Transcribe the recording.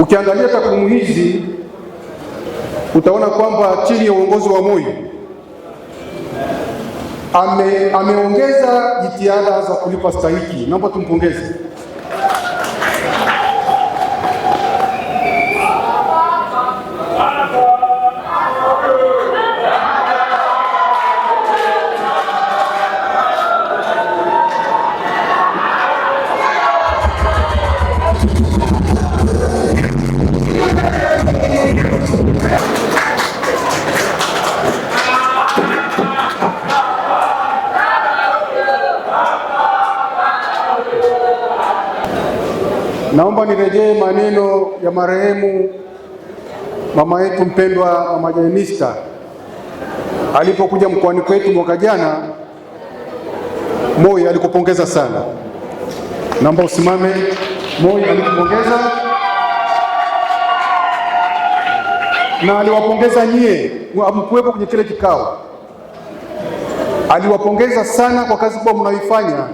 Ukiangalia takwimu hizi utaona kwamba chini ya uongozi wa Moi ame, ameongeza jitihada za kulipa stahiki. Naomba tumpongeze. Naomba nirejee maneno ya marehemu mama yetu mpendwa, mama Jenista alipokuja mkoani kwetu mwaka jana. Moi alikupongeza sana, naomba usimame. Moi alikupongeza na aliwapongeza nyie, mkuwepo kwenye kile kikao, aliwapongeza sana kwa kazi kubwa mnaoifanya